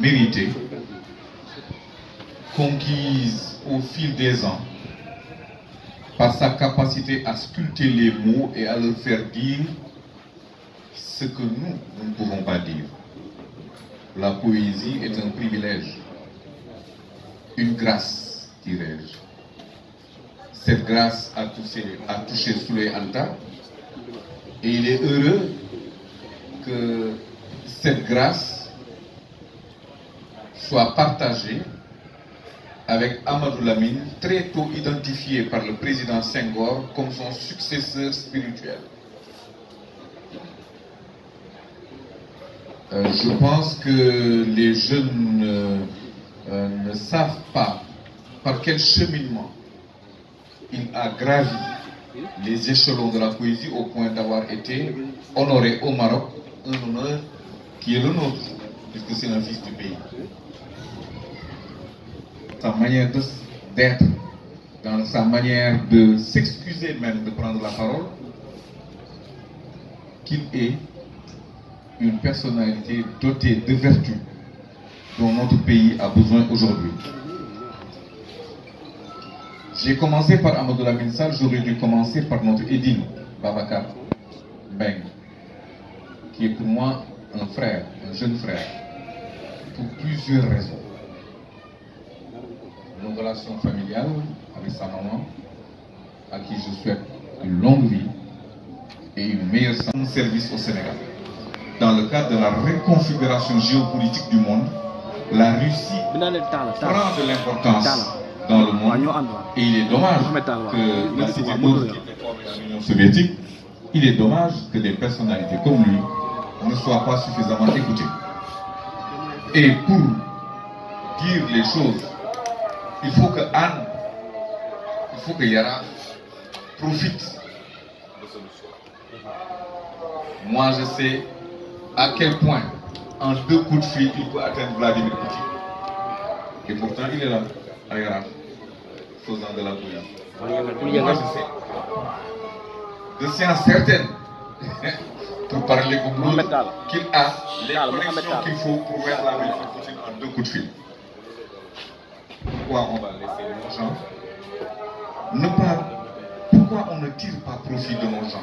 Méritée, conquise au fil des ans par sa capacité à sculpter les mots et à leur faire dire ce que nous ne pouvons pas dire la poésie est un privilège, une grâce, dirais-je. Cette grâce a touché, a touché et il est heureux que cette grâce soit partagée avec Amadou Lamine, très tôt identifié par le président Senghor comme son successeur spirituel. Euh, je pense que les jeunes euh, ne savent pas par quel cheminement il a gravi les échelons de la poésie au point d'avoir été honoré au Maroc, un honneur qui est le nôtre, puisque c'est un du pays. Sa manière d'être, dans sa manière de s'excuser même de prendre la parole, qu'il est une personnalité dotée de vertus dont notre pays a besoin aujourd'hui. J'ai commencé par Amadou Binsal, j'aurais dû commencer par notre Edine, Babacar Beng, qui est pour moi un frère, un jeune frère, pour plusieurs raisons. Nos relations familiales avec sa maman, à qui je souhaite une longue vie et une meilleure service au Sénégal dans le cadre de la reconfiguration géopolitique du monde, la Russie prend de l'importance dans le monde. Et il est dommage que la cité l'Union soviétique, il est dommage que des personnalités comme lui ne soient pas suffisamment écoutées. Et pour dire les choses, il faut que Anne, il faut que Yara profite Moi, je sais à quel point en deux coups de fil il peut atteindre Vladimir Poutine. Et pourtant il est là, à Iran, faisant de la bouillante. Moi je sais, Je suis certaine, pour parler comme l'autre, qu'il a les connexions qu'il faut pour la Vladimir Poutine en deux coups de fil. Pourquoi on va laisser nos gens ne pas, pourquoi on ne tire pas profit de mon champ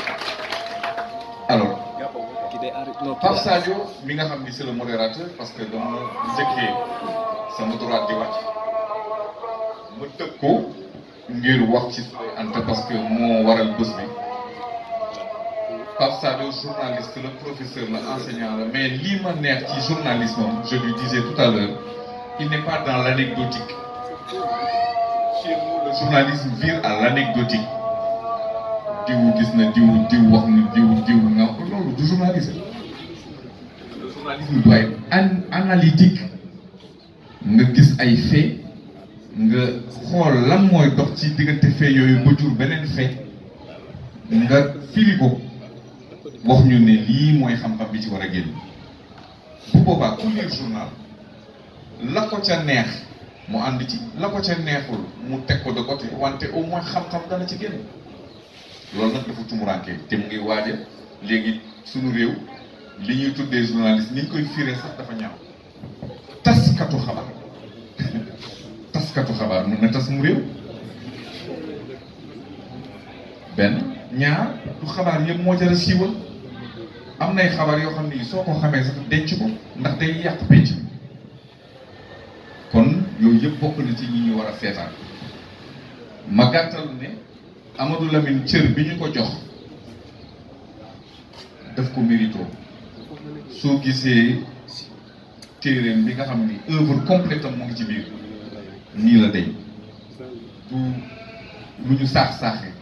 Pape Sadio mi nga xam ni c'est le modérateur parce que dama njëkkee sama droit di wàcc ma tëg ko ngir wax ci Anta parce que moo waral bés bi Pape journaliste le professeur l'enseignant enseignant mais lii ma journalisme je lui disais tout à l'heure il n'est pas dans l'anecdotique chez nous le journalisme vire à l'anecdotique diw gis na wax nga du journalisme. journalisme doit analytique nga gis ay fait nga xool lan mooy dox ci diggante fait yooyu ba jur beneen fait nga firi wax ñu ne lii mooy xam-xam bi ci war a génn bu boobaa ku lire journal la ko ca neex mu ànd ci la ko ca neexul mu teg ko de côté wante au xam-xam dana ci génn loolu nag dafa tumuraanke te mu ngi waaja léegi sunu réew li ñuy tuddee journaliste ni ñu koy firee sax dafa ñaaw taskatu xabaar taskatu xabaar mun na tas mu réew benn ñaar du xabaar moo jar a siiwal am nay xabaar yoo xam ne soo ko xamee sax denc ko ndax day yàq penc kon yooyu yëpp bokk na ci ñi ñu war a seetaan ma gàttal ne Amadou Lamine cër bi ñu ko jox daf ko mérito soo gisee téeréem bi nga xam ni œuvre complète am mu ngi ci biir nii la day du lu ñu saax-saaxee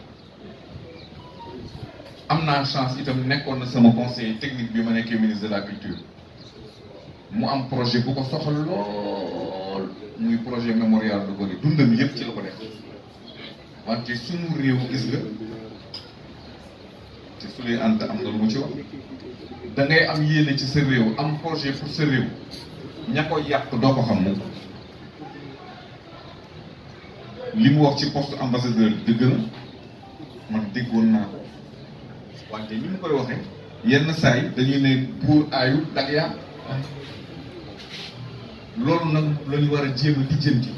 am naa chance itam nekkoon na sama conseil technique bi ma nekkee ministre de la culture mu am projet bu ko soxal lool muy projet mémorial de Gorée dundam yëpp ci la ko def wante suñu réew gis nga Souley Anta am na lu mu ci wax dangay am yéene ci sa réew am projet pour sa réew ña ko yàq doo ko xam moom li mu wax ci poste ambassadeur dëgg la man déggoon naa ko wante ni mu koy waxee yenn saa dañuy ne buur aayu dak yaa loolu nag la war a jéem a lijjanti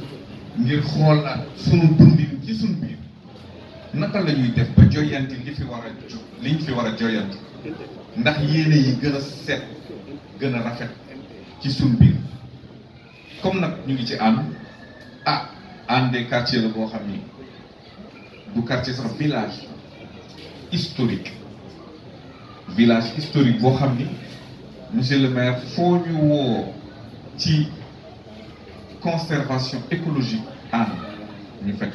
ngir xoolaat sunu dundin ci sunu biir naka la ñuy def ba li fi war a fi a ndax yéene yi gën a rafet ci comme nag ñu ngi ci ah des quartiers la quartier village historique village historique boo le maire foo ñu conservation écologique ànd fekk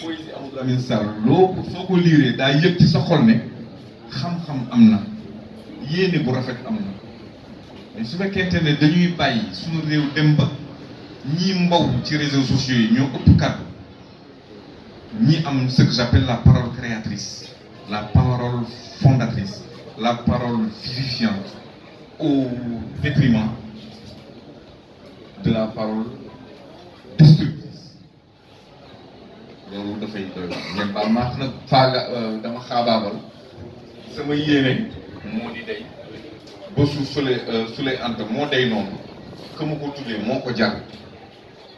poésie Amadou Dramin Sall loo soo ko liiree daa yëg ci sa xol ne xam-xam am na yéene bu rafet am na mais su fekkente ne dañuy bàyyi suñu réew dem ba ñii mbaw ci réseaux sociaux yi ñoo ëpp kàddu ñi am ce que j'appelle la parole créatrice la parole fondatrice la parole vivifiante au détriment de la parole dafay doy ngeen baal maax nag faaga dama xaabaabal sama yéene moo di day ba su sule sule euh, anta moo day noonu que mu tuddee moo ko jar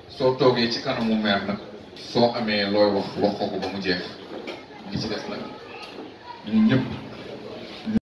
soo toogee ci kanamu meer nag soo amee looy wax wax ko ba mu jeex li ci des nag ñun ñëpp